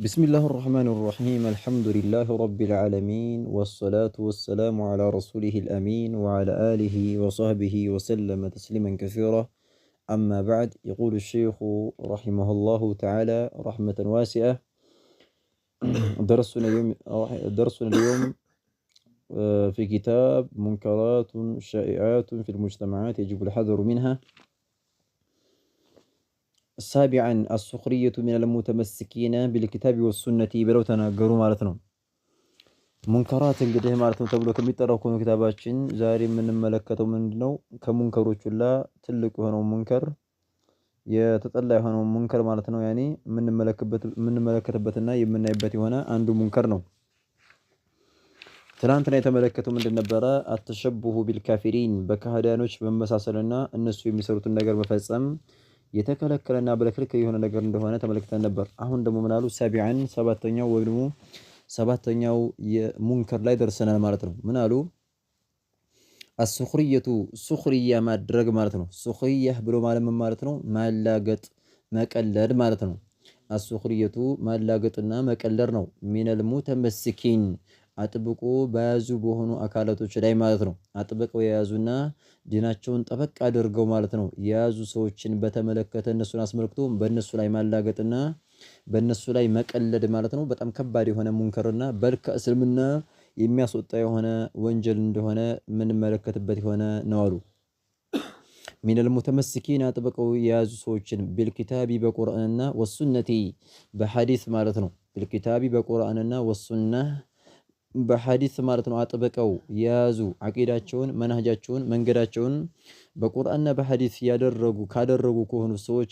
بسم الله الرحمن الرحيم الحمد لله رب العالمين والصلاة والسلام على رسوله الأمين وعلى آله وصحبه وسلم تسليما كثيرا أما بعد يقول الشيخ رحمه الله تعالى رحمة واسعة درسنا اليوم درسنا اليوم في كتاب منكرات شائعات في المجتمعات يجب الحذر منها ሳቢዐን አሱክርየቱ ሚነል ሙተመሲኪነ ቢልኪታቢ ወሱነቲ ብለው ተናገሩ ማለት ነው። ሙንከራት እንግዲህ ማለት ነው ተብሎ ከሚጠራው ከሆኑ ኪታባችን ዛሬ የምንመለከተው ምንድን ነው? ከሙንከሮች ሁላ ትልቅ የሆነው ሙንከር የተጠላ የሆነው ሙንከር ማለት ነው ያኔ የምንመለከትበትና የምናይበት የሆነ አንዱ ሙንከር ነው። ትናንትና የተመለከተው ምንድን ነበረ? አተሸብሁ ቢልካፊሪን በካህዳኖች መመሳሰልና እነሱ የሚሰሩትን ነገር መፈጸም የተከለከለና በለክልክ የሆነ ነገር እንደሆነ ተመልክተን ነበር። አሁን ደግሞ ምናሉ ሰቢዐን ሰባተኛው ወይ ደግሞ ሰባተኛው የሙንከር ላይ ደርሰናል ማለት ነው። ምናሉ አሱኽርየቱ ሱኽርያ ማድረግ ማለት ነው። ሱኽርያህ ብሎ ማለት ምን ማለት ነው? ማላገጥ መቀለድ ማለት ነው። አሱኽርየቱ ማላገጥና መቀለድ ነው። ሚነል ሙተመሲኪን አጥብቁ በያዙ በሆኑ አካላቶች ላይ ማለት ነው። አጥብቀው የያዙና ዲናቸውን ጠበቅ አድርገው ማለት ነው የያዙ ሰዎችን በተመለከተ እነሱን አስመልክቶ በእነሱ ላይ ማላገጥና በእነሱ ላይ መቀለድ ማለት ነው በጣም ከባድ የሆነ ሙንከርና በልከ እስልምና የሚያስወጣ የሆነ ወንጀል እንደሆነ የምንመለከትበት የሆነ ነው አሉ። ሚነል ሙተመሲኪን አጥብቀው የያዙ ሰዎችን ቢልኪታቢ በቁርአንና ወሱነቲ በሐዲስ ማለት ነው ቢልኪታቢ በቁርአንና ወሱና በሐዲስ ማለት ነው አጥብቀው የያዙ አቂዳቸውን መናሃጃቸውን መንገዳቸውን በቁርአንና በሐዲስ ያደረጉ ካደረጉ ከሆኑ ሰዎች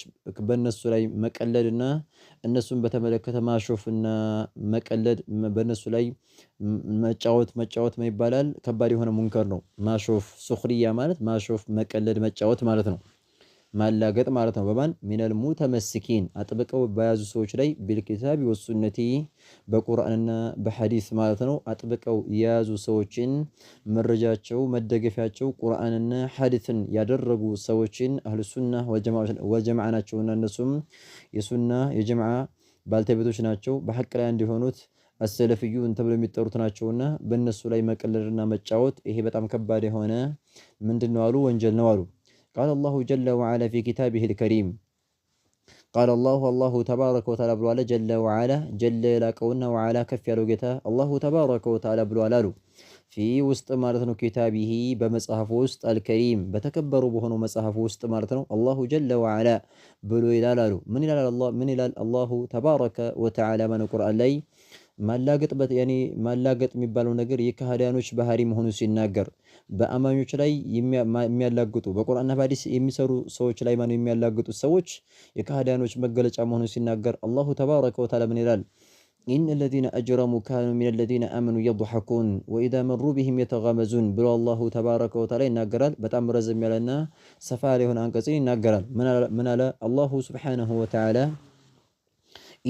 በእነሱ ላይ መቀለድና እነሱን በተመለከተ ማሾፍና መቀለድ በእነሱ ላይ መጫወት መጫወት ይባላል። ከባድ የሆነ ሙንከር ነው። ማሾፍ ሱኽሪያ ማለት ማሾፍ፣ መቀለድ፣ መጫወት ማለት ነው። ማላገጥ ማለት ነው። በማን ሚነል ሙተመሲኪን አጥብቀው በያዙ ሰዎች ላይ ቢልኪታቢ ወሱነቲ በቁርአንና በሐዲስ ማለት ነው። አጥብቀው የያዙ ሰዎችን መረጃቸው መደገፊያቸው ቁርአንና ሐዲስን ያደረጉ ሰዎችን አህልሱና ወጀማዓ ናቸውና እነሱም የሱና የጀምዓ ባልተቤቶች ናቸው። በሐቅ ላይ እንዲሆኑት አሰለፍዩን ተብለው የሚጠሩት ናቸውና በእነሱ ላይ መቀለልና መጫወት ይሄ በጣም ከባድ የሆነ ምንድን ነው አሉ ወንጀል ነው አሉ። ቃለ አላሁ ጀለ ወዓላ ፊ ኪታቢሂል ከሪም ቃለ አላሁ አላሁ ተባረከ ወተዓላ ብሏል። ጀለ ወዓላ ጀለ የላቀውና ወዓላ ከፍ ያለው ጌታ አላሁ ተባረከ ወተዓላ ብሏል አሉ ፊ ውስጥ ማለት ነው ኪታቢሂ በመጽሐፉ ውስጥ አልከሪም በተከበሩ በሆነው መጽሐፉ ውስጥ ማለት ነው አላሁ ጀለ ወዓላ ብሎ ይላል አሉ። ምን ይላል አላሁ ተባረከ ወተዓላ ማነው ቁርአን ላይ ማላገጥ ያኔ ማላገጥ የሚባለው ነገር የካህዲያኖች ባህሪ መሆኑ ሲናገር በአማኞች ላይ የሚያላግጡ በቁርአንና በሐዲስ የሚሰሩ ሰዎች ላይ ማነው የሚያላግጡ ሰዎች የካህዲያኖች መገለጫ መሆኑ ሲናገር አላሁ ተባረከ ወተዓላ ምን ይላል? ኢነ ለዚነ አጅረሙ ካኑ ሚነ ለዚነ አመኑ የድሐኩን ወኢዛ መሩ ቢሂም የተጋመዙን ብሎ አላሁ ተባረከ ወተዓላ ይናገራል። በጣም ረዘም ያለና ሰፋ ያለ የሆነ አንቀጽን ይናገራል። ምን አለ አላሁ ሱብሓነሁ ወተዓላ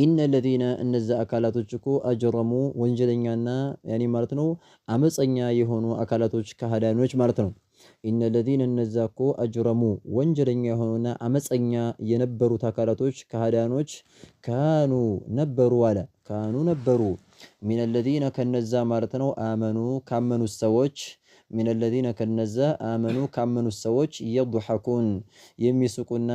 ኢነለዚነ እነዚ አካላቶች እኮ አጅረሙ ወንጀለኛና ያኔ ማለት ነው አመፀኛ የሆኑ አካላቶች ከሃዳኖች ማለት ነው። ኢነለዚነ እነዛ እኮ አጅረሙ ወንጀለኛ የሆኑና አመፀኛ የነበሩት አካላቶች ከሃዳኖች ካኑ ነበሩ አለ ካኑ ነበሩ ሚነለዚነ ከነዛ ማለት ነው አመኑ ካመኑት ሰዎች ሚን ለዚነ ከነዛ አመኑ ካመኑት ሰዎች የضሐኩን የሚስቁና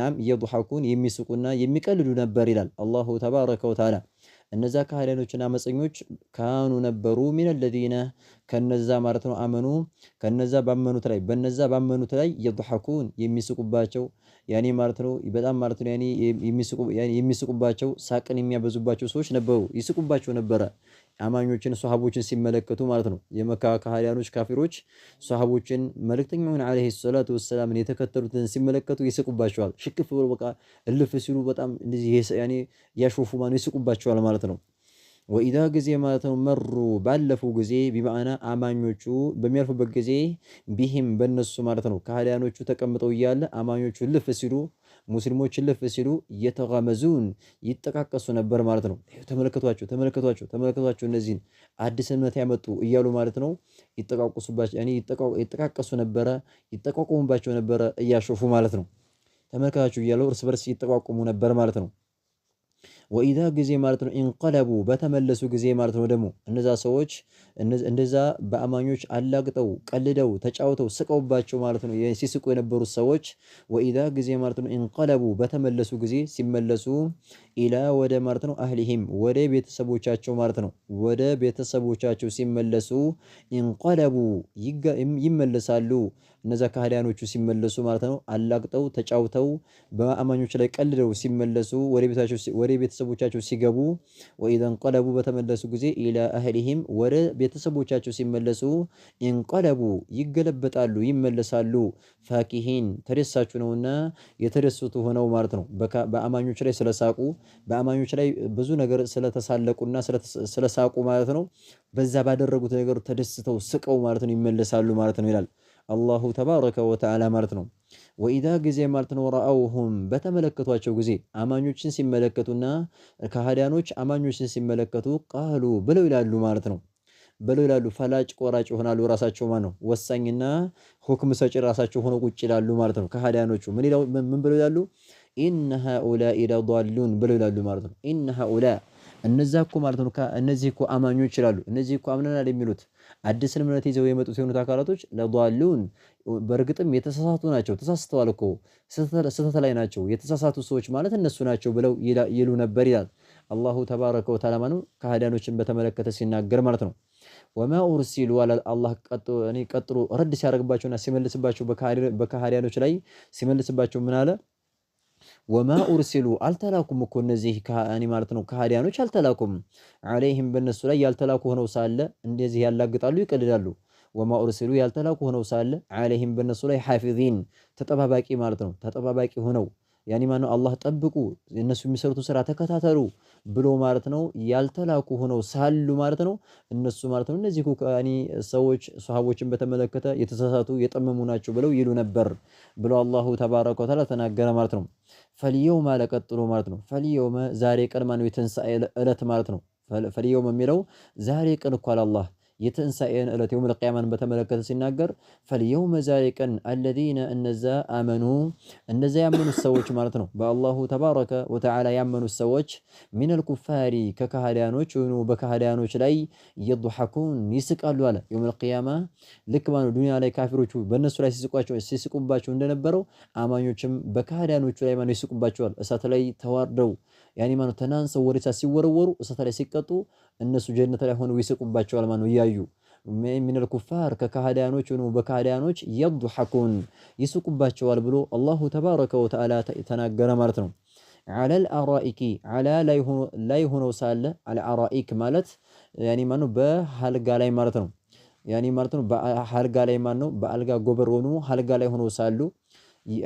ናም የضሐኩን የሚስቁና የሚቀልዱ ነበር ይላል አላሁ ተባረከ ወተዓላ። እነዛ ከሃዲያኖችና አመፀኞች ካኑ ነበሩ ሚን ለዚነ ከነዛ ማለት ነው አመኑ ከነዛ ባመኑት ላይ በነዛ ባመኑት ላይ የضሐኩን የሚስቁባቸው ያኔ ማለት ነው በጣም ማለት ነው ያኔ የሚስቁባቸው ሳቅን የሚያበዙባቸው ሰዎች ነበሩ፣ ይስቁባቸው ነበረ። አማኞችን ሰሃቦችን ሲመለከቱ ማለት ነው። የመካ ከሃዲያኖች ካፊሮች ሰሃቦችን መልእክተኛውን አለይሂ ሰላቱ ወሰላምን የተከተሉትን ሲመለከቱ ይስቁባቸዋል። ሽክፍ ብሎ በቃ እልፍ ሲሉ በጣም እንደዚህ ያኔ ያሾፉ ማነው ይስቁባቸዋል ማለት ነው። ወኢዳ ጊዜ ማለት ነው መሩ ባለፉ ጊዜ ቢማዕና አማኞቹ በሚያልፉበት ጊዜ ቢህም በነሱ ማለት ነው። ከሃዲያኖቹ ተቀምጠው እያለ አማኞቹ እልፍ ሲሉ ሙስሊሞች ልፍ ሲሉ የተጋመዙን ይጠቃቀሱ ነበር ማለት ነው። ተመለከቷቸው፣ ተመለከቷቸው፣ ተመለከቷቸው እነዚህን አዲስ እምነት ያመጡ እያሉ ማለት ነው ይጠቃቀሱ ነበረ፣ ይጠቋቁሙባቸው ነበረ እያሾፉ ማለት ነው። ተመልከታችሁ እያለው እርስ በርስ ይጠቋቁሙ ነበር ማለት ነው። ወኢዛ ጊዜ ማለት ነው ኢንቀለቡ በተመለሱ ጊዜ ማለት ነው ደግሞ እነዛ ሰዎች እንደዛ በአማኞች አላግጠው ቀልደው ተጫውተው ስቀውባቸው ማለት ነው ሲስቁ የነበሩት ሰዎች ወኢዛ ጊዜ ማለት ነው ኢንቀለቡ በተመለሱ ጊዜ ሲመለሱ ኢላ ወደ ማለት ነው አህሊሂም ወደ ቤተሰቦቻቸው ማለት ነው ወደ ቤተሰቦቻቸው ሲመለሱ ኢንቀለቡ ይመለሳሉ እነዛ ካህዲያኖቹ ሲመለሱ ማለት ነው አላግጠው ተጫውተው በአማኞች ላይ ቀልደው ሲመለሱ ወደ ቤተሰቦቻቸው ሲገቡ ወኢዘን ቀለቡ በተመለሱ ጊዜ ኢላ አህሊሂም ወደ ቤተሰቦቻቸው ሲመለሱ እንቀለቡ ይገለበጣሉ ይመለሳሉ። ፋኪሂን ተደሳቹ ነውና የተደሰቱ ሆነው ማለት ነው በአማኞች ላይ ስለሳቁ በአማኞች ላይ ብዙ ነገር ስለተሳለቁና ስለሳቁ ማለት ነው በዛ ባደረጉት ነገር ተደስተው ስቀው ማለት ነው ይመለሳሉ ማለት ነው ይላል። አላሁ ተባረከ ወተዓላ ማለት ነው። ወኢዛ ጊዜ ማለት ነው ረአውሁም በተመለከቷቸው ጊዜ አማኞችን ሲመለከቱና ከሃዲያኖች አማኞችን ሲመለከቱ ቃሉ ብለው ይላሉ ማለት ነው ብለው ይላሉ። ፈላጭ ቆራጭ ይሆናሉ ራሳቸው ማለት ነው። ወሳኝና ሁክም ሰጪ ራሳቸው ሆነው ቁጭ ይላሉ ማለት ነው። ከሃዲያኖቹ ምን ብለው ይላሉ? ኢነ ሃኡላ ለዷሉን ብለው ይላሉ ማለት ነው። ኢነ ሃኡላ እነዚያ እኮ ማለት ነው እነዚህ እኮ አማኞች ይላሉ። እነዚህ እኮ አምነናል የሚሉት አዲስ እምነት ይዘው የመጡት የሆኑት አካላቶች ለሉን በእርግጥም የተሳሳቱ ናቸው። ተሳስተዋል እኮ ስህተት ላይ ናቸው። የተሳሳቱ ሰዎች ማለት እነሱ ናቸው ብለው ይሉ ነበር ይላል አላሁ ተባረከ ወተዓላ ማኑ ከሃዲያኖችን በተመለከተ ሲናገር ማለት ነው። ወማ ኡርሲሉ አላህ ቀጥሎ ረድ ሲያደርግባቸውና ሲመልስባቸው በከሃዲያኖች ላይ ሲመልስባቸው ምን አለ? ወማ ኡርሲሉ አልተላኩም እኮ እነዚህ እኔ ማለት ነው ከሃዲያኖች አልተላኩም። አለይህም በእነሱ ላይ ያልተላኩ ሆነው ሳለ እንደዚህ ያላግጣሉ፣ ይቀልዳሉ። ወማ ኡርሲሉ ያልተላኩ ሆነው ሳለ አለይህም በእነሱ ላይ ሓፊዚን ተጠባባቂ ማለት ነው ተጠባባቂ ሆነው ያኔ ማነው አላህ ጠብቁ፣ እነሱ የሚሰሩትን ስራ ተከታተሉ ብሎ ማለት ነው ያልተላኩ ሆነው ሳሉ ማለት ነው እነሱ ማለት ነው እነዚህ ኩካኒ ሰዎች ሰሃቦችን በተመለከተ የተሳሳቱ የጠመሙ ናቸው ብለው ይሉ ነበር ብሎ አላሁ ተባረከ ወተዓላ ተናገረ ማለት ነው። ፈልየውመ አለቀጥሎ ማለት ነው ፈልየውመ ዛሬ ቀን ማነው የተንሳኤ ዕለት ማለት ነው። ፈልየውመ የሚለው ዛሬ ቀን እኮ አላህ የትንሣኤን ዕለት የውመል ቂያማን በተመለከተ ሲናገር ፈልየውመ ዛሬ ቀን አለዚነ እነዛ አመኑ እነዛ ያመኑት ሰዎች ማለት ነው። በአላሁ ተባረከ ወተዓላ ያመኑት ሰዎች ሚነል ኩፋሪ ከካህዲያኖች ወይኑ በካህዲያኖች ላይ የضሐኩን ይስቃሉ አለ። የውመል ቂያማ ልክ ማለት ዱንያ ላይ ካፊሮቹ በእነሱ ላይ ሲስቁባቸው እንደነበረው አማኞችም በካህዲያኖቹ ላይ ማለት ይስቁባቸዋል እሳት ላይ ተዋርደው ያኔ ማለት ተናንሰው ወሬቻ ሲወረወሩ እሳት ላይ ሲቀጡ እነሱ ጀነት ላይ ሆነው ይስቁባቸዋል ማነው ነው እያዩ ሚነል ኩፋር ከካህዳያኖች ወይም በካህዳያኖች የድሐኩን ይስቁባቸዋል ብሎ አላሁ ተባረከ ወተዓላ ተናገረ ማለት ነው። አለል አራኢኪ አላ ላይ ሆነው ሳለ አለ አራኢክ ማለት ያኔ ማለት በአልጋ ላይ ማለት ነው። ያኔ ማለት ነው በአልጋ ላይ ማለት በአልጋ ጎበር ወይም አልጋ ላይ ሆነው ሳሉ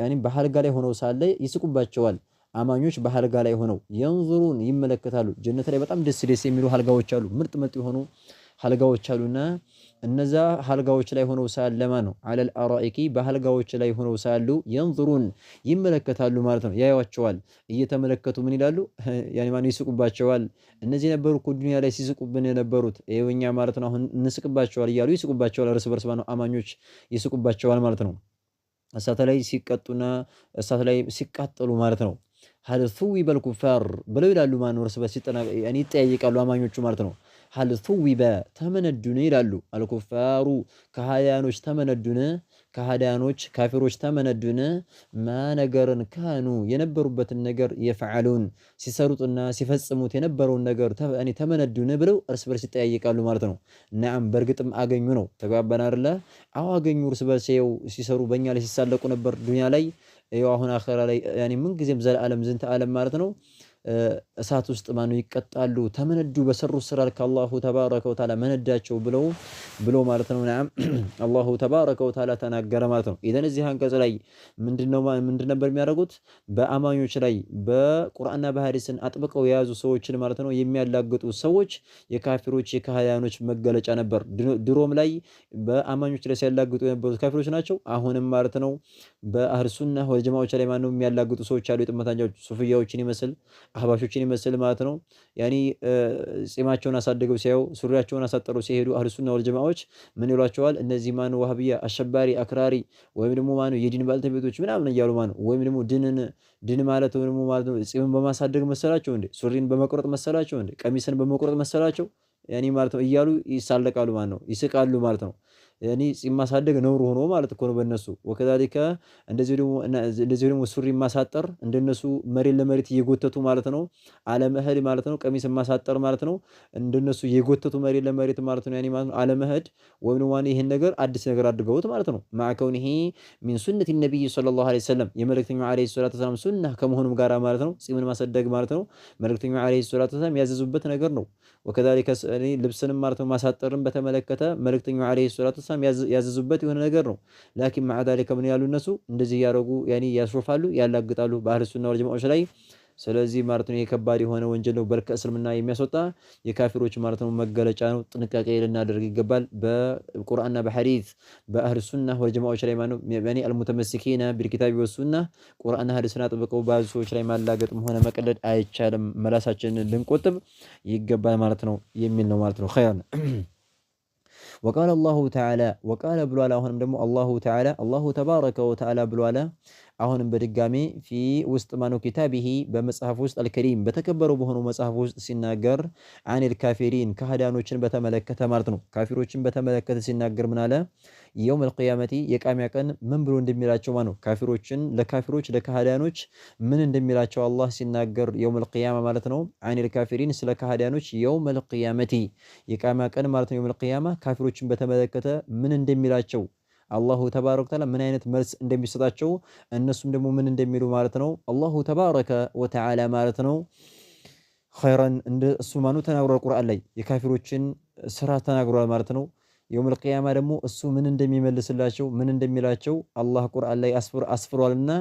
ያኔ በአልጋ ላይ ሆነው ሳለ ይስቁባቸዋል አማኞች በአልጋ ላይ ሆነው የንዙሩን ይመለከታሉ። ጀነት ላይ በጣም ደስ ደስ የሚሉ አልጋዎች አሉ። ምርጥ ምርጥ የሆኑ አልጋዎች አሉና እነዛ አልጋዎች ላይ ሆነው ሳለማ ነው አለል አራኢኪ በአልጋዎች ላይ ሆነው ሳሉ የንዙሩን ይመለከታሉ ማለት ነው። ያዩዋቸዋል። እየተመለከቱ ምን ይላሉ? ያኔ ማን ይስቁባቸዋል። እነዚህ ነበሩ እኮ ዱንያ ላይ ሲስቁብን የነበሩት ይኸውኛ ማለት ነው። አሁን እንስቅባቸዋል እያሉ ይስቁባቸዋል። እርስ በርስ ነው አማኞች ይስቁባቸዋል ማለት ነው። እሳት ላይ ሲቀጡና እሳት ላይ ሲቃጠሉ ማለት ነው። ሀል ሱዊበል ኩፋር ብለው ይላሉ። ማነው እርስ በርስ ይጠያየቃሉ አማኞቹ ማለት ነው። ሀል ሱዊበ ተመነዱን ይላሉ። አልኩፋሩ ከሀዲያኖች ተመነዱን፣ ከሀዲያኖች ካፊሮች ተመነዱን። ማ ነገርን ካኑ የነበሩበትን ነገር የፍዓሉን ሲሰሩትና ሲፈጽሙት የነበረውን ነገር ተመነዱን ብለው እርስ በርስ ይጠያየቃሉ ማለት ነው። ነዓም በእርግጥም አገኙ ነው። ተግባባን አይደለ? አዎ አገኙ። እርስ በርስ ሲሰሩ በእኛ ላይ ሲሳለቁ ነበር ዱንያ ላይ ايوا هنا خير يعني من قزم زل الم زنت الم مالتنو እሳት ውስጥ ማኑ ይቀጣሉ። ተመነዱ በሰሩ ስራ ከአላሁ ተባረከ ወተዓላ መነዳቸው ብለው ብሎ ማለት ነው። ነዓም አላሁ ተባረከ ወተዓላ ተናገረ ማለት ነው። ኢዘን እዚህ አንቀጽ ላይ ምንድነው ምንድን ነበር የሚያደርጉት? በአማኞች ላይ በቁርአንና በሐዲስን አጥብቀው የያዙ ሰዎችን ማለት ነው የሚያላግጡ ሰዎች የካፊሮች የካህያኖች መገለጫ ነበር። ድሮም ላይ በአማኞች ላይ ሲያላግጡ የነበሩት ካፊሮች ናቸው። አሁንም ማለት ነው በአህርሱና ወጀማዎች ላይ ማነው የሚያላግጡ ሰዎች አሉ። የጥመታንጃዎች ሱፍያዎችን ይመስል አህባሾችን ይመስል ማለት ነው። ያኔ ጺማቸውን አሳደገው ሲያዩ ሱሪያቸውን አሳጠረው ሲሄዱ አህልሱና ወልጀማዎች ምን ይሏቸዋል? እነዚህ ማኑ ዋህብያ አሸባሪ፣ አክራሪ ወይም ደግሞ ማኑ የዲን ባልተቤቶች ምናምን እያሉ ማኑ ወይም ደግሞ ድንን ድን ማለት ወይም ደግሞ ማለት ነው ጺምን በማሳደግ መሰላቸው እንዴ? ሱሪን በመቁረጥ መሰላቸው እንዴ? ቀሚስን በመቁረጥ መሰላቸው ያኔ ማለት ነው እያሉ ይሳለቃሉ ማለት ነው፣ ይስቃሉ ማለት ነው። ያኒ ጺም ማሳደግ ነውር ሆኖ ማለት እኮ ነው በእነሱ ወከዛሊከ እንደዚሁ ደግሞ እንደዚህ ደግሞ ሱሪ ማሳጠር እንደነሱ መሬት ለመሬት እየጎተቱ ማለት ነው። አለመሄድ ማለት ነው። ቀሚስ ማሳጠር ማለት ነው። እንደነሱ እየጎተቱ መሬት ለመሬት ማለት ነው። ያኒ ማለት አለመሄድ ወይም ደግሞ ይህን ነገር አዲስ ነገር አድርገውት ማለት ነው። ማዕከውን ይሄ ሚን ሱነት ነቢይ ሰለላሁ ዐለይሂ ወሰለም የመልእክተኛው ዐለይሂ ሰላቱ ወሰላም ሱና ከመሆኑም ጋር ማለት ነው። ጺምን ማሳደግ ማለት ነው መልእክተኛው ዐለይሂ ሰላቱ ወሰላም ያዘዙበት ነገር ነው። ወከዛሊከ ልብስንም ማለት ነው ማሳጠርን በተመለከተ መልእክተኛው ዐለይሂ ሰላቱ ሰላም ያዘዙበት የሆነ ነገር ነው። ላኪን ማዓ ዛሊከ ምን ያሉ እነሱ እንደዚህ ያረጉ ያኒ ያስሮፋሉ፣ ያላግጣሉ ባህል ሱና ወል ጀማዓዎች ላይ። ስለዚህ ማለት ነው የከባድ የሆነ ወንጀል ነው ከእስልምና የሚያስወጣ የካፊሮች ማለት ነው መገለጫ ነው። ጥንቃቄ ልናደርግ ይገባል። በቁርአንና በሐዲስ በአህል ሱና ወል ጀማዓዎች ላይ ማለት ነው ያኒ አልሙተመሲኪና ቢልኪታቢ ወሱና ቁርአንና ሐዲስን አጥብቀው ባዙ ሰዎች ላይ ማላገጥም ሆነ መቀለድ አይቻልም። መላሳችንን ልንቆጥብ ይገባል ማለት ነው የሚል ነው ማለት ነው ኸይር وقال الله تعالى وقال بلوالا هنا الله تعالى الله تبارك وتعالى بلوالا አሁንም በድጋሚ ፊ ውስጥ ማኑ ኪታቢሂ በመጽሐፍ ውስጥ አልከሪም በተከበረው በሆነው መጽሐፍ ውስጥ ሲናገር አኒል ካፊሪን ከሃዳኖችን በተመለከተ ማለት ነው። ካፊሮችን በተመለከተ ሲናገር ምን አለ? የውመል ቂያመቲ የቃሚያ ቀን ምን ብሎ እንደሚላቸው ማለት ነው። ካፊሮችን ለካፊሮች ለካህዳኖች ምን እንደሚላቸው አላህ ሲናገር የውመል ቂያማ ማለት ነው። አኒል ካፊሪን ስለ ካህዳኖች የውመል ቂያመቲ የቃሚያ ቀን ማለት ነው። የውመል ቂያማ ካፊሮችን በተመለከተ ምን እንደሚላቸው አላሁ ተባረከ ወተዓላ ምን አይነት መልስ እንደሚሰጣቸው እነሱም ደግሞ ምን እንደሚሉ ማለት ነው። አላሁ ተባረከ ወተዓላ ማለት ነው ኸይረን እሱ ማኑ ተናግሯል። ቁርአን ላይ የካፊሮችን ስራ ተናግሯል ማለት ነው። የውመል ቂያማ ደግሞ እሱ ምን እንደሚመልስላቸው ምን እንደሚላቸው አላህ ቁርአን ላይ አስፍሯልና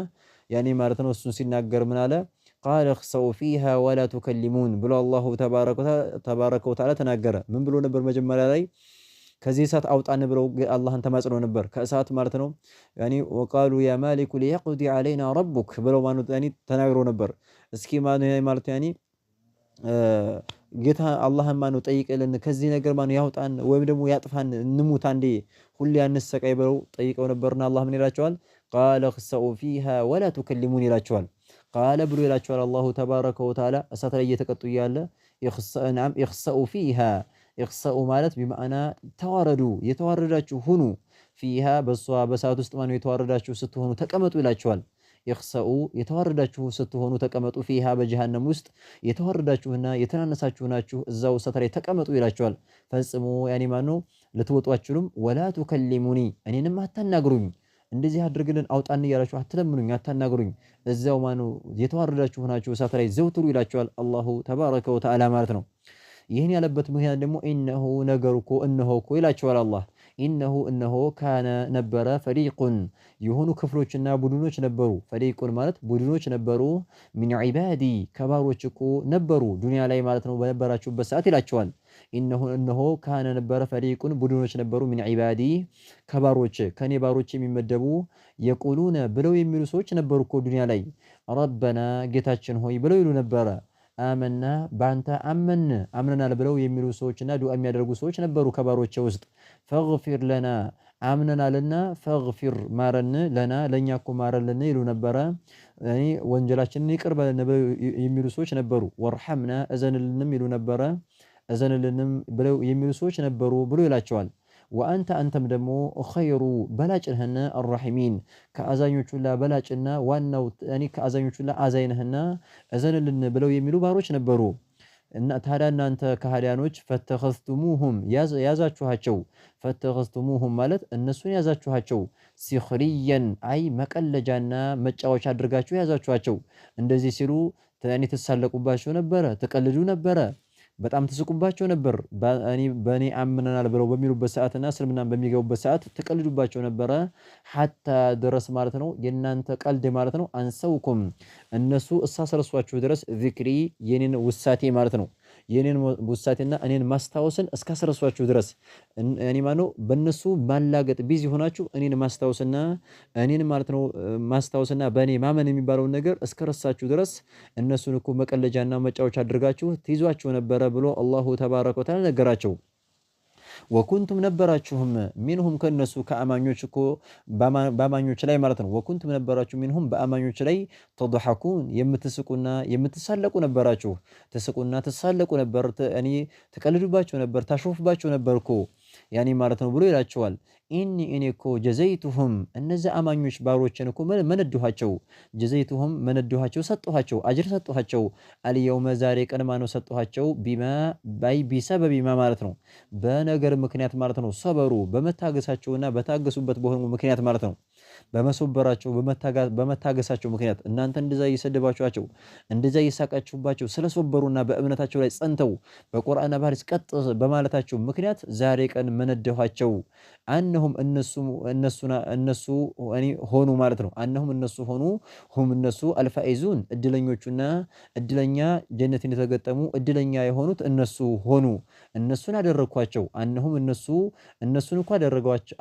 ያኔ ማለት ነው እሱን ሲናገር ምን አለ? ቃለ እኽሰው ፊሃ ወላ ቱከሊሙን ብሎ አላሁ ተባረከ ወተዓላ ተናገረ። ምን ብሎ ነበር መጀመሪያ ላይ ከዚህ እሳት አውጣን ብለው አላህን ተማጽኖ ነበር። ከእሳት ማለት ነው። ያኒ ወቃሉ ያ ማሊኩ ሊየቅዲ ዓለይና ረቡክ ብለው ማለት ተናግሮ ነበር። እስኪ ማለት ጌታ አላህን ማነው ጠይቅልን፣ ከዚህ ነገር ማነው ያውጣን፣ ወይም ደግሞ ያጥፋን፣ እንሙት አንዴ ሁሌ አንሰቃይ ብለው ጠይቀው ነበርና አላህ ምን ይላቸዋል? ቃለ ክሰኡ ፊሃ ወላ ቱከሊሙን ይላቸዋል። ቃለ ብሎ ይላቸዋል አላሁ ተባረከ ወተዓላ እሳት ላይ እየተቀጡ እያለ ይክሰኡ ፊሃ ኢኽሰኡ ማለት ቢማዕና ተዋረዱ፣ የተዋረዳችሁ ሁኑ። ፊሃ በሷ በሰዓት ውስጥ ማነው የተዋረዳችሁ ስትሆኑ ተቀመጡ ይላቸዋል። ኢኽሰኡ የተዋረዳችሁ ስትሆኑ ተቀመጡ። ፊሃ በጀሃነም ውስጥ የተዋረዳችሁና የተናነሳችሁ ናችሁ፣ እዛው እሳት ላይ ተቀመጡ ይላቸዋል። ፈጽሞ ያኔ ማነው ልትወጡ አትችሉም። ወላ ቱከሊሙኒ እኔንም አታናግሩኝ፣ እንደዚህ አድርግልን አውጣን እያላችሁ አትለምኑኝ፣ አታናግሩኝ። እዚያው ማኑ የተዋረዳችሁ ናችሁ፣ እሳት ላይ ዘውትሩ ይላችኋል። አላሁ ተባረከ ወተዓላ ማለት ነው። ይህን ያለበት ምክንያት ደግሞ ኢነሁ ነገር እኮ እነሆ እኮ ይላቸዋል አላህ ኢነሁ እነሆ ካነ ነበረ ፈሪቁን የሆኑ ክፍሎችና ቡድኖች ነበሩ። ፈሪቁን ማለት ቡድኖች ነበሩ። ሚን ዒባዲ ከባሮች እኮ ነበሩ ዱንያ ላይ ማለት ነው በነበራችሁበት ሰዓት ይላቸዋል። እነሆ ካነ ነበረ ፈሪቁን ቡድኖች ነበሩ። ሚን ዒባዲ ከባሮች ከኔ ባሮች የሚመደቡ የቁሉነ ብለው የሚሉ ሰዎች ነበሩ እኮ ዱንያ ላይ ረበና ጌታችን ሆይ ብለው ይሉ ነበረ አመና በአንተ አመን አምነናል ብለው የሚሉ ሰዎችና ዱዓ የሚያደርጉ ሰዎች ነበሩ ከባሮቼ ውስጥ። ፈግፊር ለና አምነናልና ፈግፊር ማረን፣ ለና ለእኛ እኮ ማረልን ይሉ ነበረ። ወንጀላችንን ይቅር በለን የሚሉ ሰዎች ነበሩ። ወርሐምና እዘንልንም ይሉ ነበረ። እዘንልንም ብለው የሚሉ ሰዎች ነበሩ ብሎ ይላቸዋል። ወአንተ አንተም ደግሞ ኸይሩ በላጭ ነህና አራሒሚን ከአዛኞቹ ሁላ በላጭና ዋናው እኔ ከአዛኞቹ ሁላ አዛኝ ነህና እዘንልን ብለው የሚሉ ባሮች ነበሩ። እና ታዲያ እናንተ ከሃዲያኖች ፈተኸዝቱሙሁም ያዛችኋቸው። ፈተኸዝቱሙሁም ማለት እነሱን ያዛችኋቸው። ሲኽሪየን አይ መቀለጃና መጫወቻ አድርጋችሁ ያዛችኋቸው። እንደዚህ ሲሉ ተሳለቁባቸው ነበረ፣ ተቀልዱ ነበረ በጣም ትስቁባቸው ነበር። በእኔ አምነናል ብለው በሚሉበት ሰዓትና እስልምናን በሚገቡበት ሰዓት ትቀልዱባቸው ነበረ። ሐታ ድረስ ማለት ነው የእናንተ ቀልድ ማለት ነው አንሰውኩም እነሱ እሳስረሷችሁ ድረስ ዚክሪ የኔን ውሳቴ ማለት ነው የእኔን ውሳቴና እኔን ማስታወስን እስካስረሷችሁ ድረስ እኔ ማለት ነው በእነሱ ማላገጥ ቢዚ ሆናችሁ እኔን ማስታወስና እኔን ማለት ነው ማስታወስና በእኔ ማመን የሚባለውን ነገር እስከረሳችሁ ድረስ እነሱን እኮ መቀለጃና መጫወቻ አድርጋችሁ ትይዟችሁ ነበረ ብሎ አላሁ ተባረከ ወተዓላ ነገራቸው። ወኩንቱም ነበራችሁም ሚንሁም ከነሱ ከአማኞች እኮ በአማኞች ላይ ማለት ነው። ወኩንቱም ነበራችሁ ሚንሁም በአማኞች ላይ ተضحኩን የምትስቁና የምትሳለቁ ነበራችሁ። ትስቁና ትሳለቁ ነበር፣ እኔ ትቀልዱባቸው ነበር፣ ታሾፉባቸው ነበርኩ ያኔ ማለት ነው ብሎ ይላቸዋል። ኢኒ እኔ እኮ ጀዘይቱሁም እነዚ አማኞች ባሮችን እኮ መነድኋቸው፣ ጀዘይቱሁም መነድኋቸው፣ ሰጥኋቸው፣ አጅር ሰጥኋቸው። አልየውመ ዛሬ ቀን ማነው ሰጥኋቸው፣ ቢማ ባይ ቢሰበብ ቢማ ማለት ነው በነገር ምክንያት ማለት ነው ሰበሩ በመታገሳቸውና በታገሱበት በሆኑ ምክንያት ማለት ነው በመሰበራቸው በመታገሳቸው ምክንያት እናንተ እንደዛ እየሰደባችኋቸው እንደዛ እየሳቃችሁባቸው ስለሰበሩና በእምነታቸው ላይ ጸንተው በቁርአንና በሐዲስ ቀጥ በማለታቸው ምክንያት ዛሬ ቀን መነደዋቸው አነሁም እነሱ ሆኑ ማለት ነው። አነሁም እነሱ ሆኑ ሁም እነሱ አልፋኢዙን እድለኞቹና እድለኛ ጀነትን የተገጠሙ እድለኛ የሆኑት እነሱ ሆኑ። እነሱን አደረግኳቸው። አነሁም እነሱ እነሱን እኮ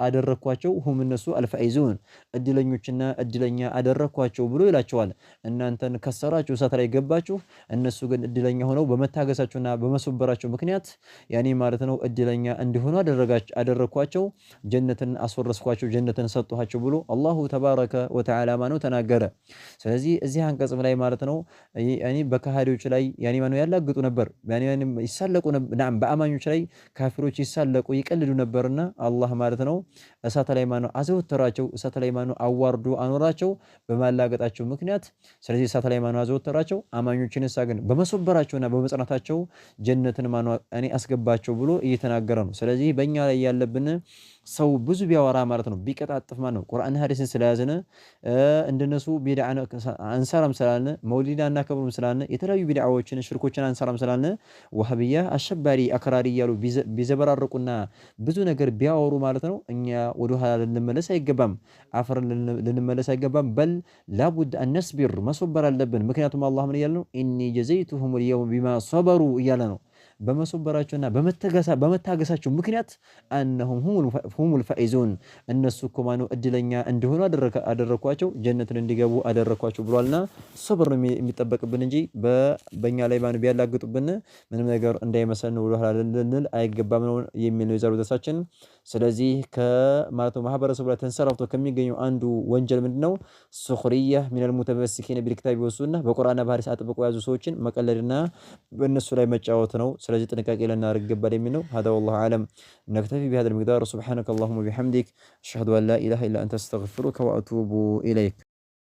አደረግኳቸው። ሁም እነሱ አልፋኢዙን እድለኞችና እድለኛ አደረኳቸው ብሎ ይላቸዋል። እናንተን ከሰራችሁ እሳት ላይ ገባችሁ። እነሱ ግን እድለኛ ሆነው በመታገሳችሁና በመስበራችሁ ምክንያት ያኔ ማለት ነው እድለኛ እንዲሆኑ አደረኳቸው፣ ጀነትን አስወረስኳቸው፣ ጀነትን ሰጥኋቸው ብሎ አላሁ ተባረከ ወተዓላ ማነው ተናገረ። ስለዚህ እዚህ አንቀጽም ላይ ማለት ነው ያኔ በካሃዲዎች ላይ ያኔ ማነው ያላግጡ ነበር፣ ይሳለቁ ነበር። በአማኞች ላይ ካፊሮች ይሳለቁ ይቀልዱ ነበርና አላህ ማለት ነው እሳት ላይ ማነው አዘወተራቸው እሳት ላይ አዋርዶ አኖራቸው በማላገጣቸው ምክንያት። ስለዚህ እሳት ላይ ማኑ አዘወተራቸው። አማኞችን እሳ ግን በመስበራቸውና በመጽናታቸው ጀነትን ማኑ እኔ አስገባቸው ብሎ እየተናገረ ነው። ስለዚህ በእኛ ላይ ያለብን ሰው ብዙ ቢያወራ ማለት ነው ቢቀጣጥፍ ማለት ነው ቁርአን ሀዲስን ስለያዝን እንደነሱ ቢድዓ አንሰራም ስላልነ መውሊድ አናከብሩም ስላልን የተለያዩ ቢድዓዎችን ሽርኮችን አንሰራም ስላልን ዋህብያ አሸባሪ አክራሪ እያሉ ቢዘበራርቁና ብዙ ነገር ቢያወሩ ማለት ነው እኛ ወደኋላ ልንመለስ አይገባም፣ አፈር ልንመለስ አይገባም። በል ላቡድ አነስቢር መሶበር አለብን። ምክንያቱም አላህ ምን እያለ ነው? ኢኒ ጀዘይቱሁም ልየውም ቢማ ሶበሩ እያለ ነው በመሶበራቸውና በመታገሳቸው ምክንያት አነሁም ሁሙል ፋኢዙን እነሱ እኮ ማነው እድለኛ እንደሆኑ አደረኳቸው፣ ጀነትን እንዲገቡ አደረኳቸው ብሏልና ሶብር ነው የሚጠበቅብን እንጂ በእኛ ላይ ማነው ቢያላግጡብን ምንም ነገር እንዳይመሰን ወደኋላ ልንል አይገባም ነው የሚል ነው የዛሬው ደርሳችን። ስለዚህ ከማለቱ ማህበረሰቡ ላይ ተንሰራፍቶ ከሚገኘው አንዱ ወንጀል ምንድነው? ሱኽሪያ ሚነል ሙተመሲኪነ ቢልኪታቢ ወሱና በቁርአንና በሐዲስ አጥብቆ የያዙ ሰዎችን መቀለድና በእነሱ ላይ መጫወት ነው። ስለዚህ ጥንቃቄ ልናደርግ ይገባል የሚል ነው። ሀዳ ወላሁ አለም። ነክተፊ ቢሀዛል ሚቅዳር ሱብሓነከ አላሁመ ወቢሐምዲክ አሽሀዱ አን ላ ኢላሀ ኢላ አንተ አስተግፊሩከ ወአቱቡ ኢለይክ።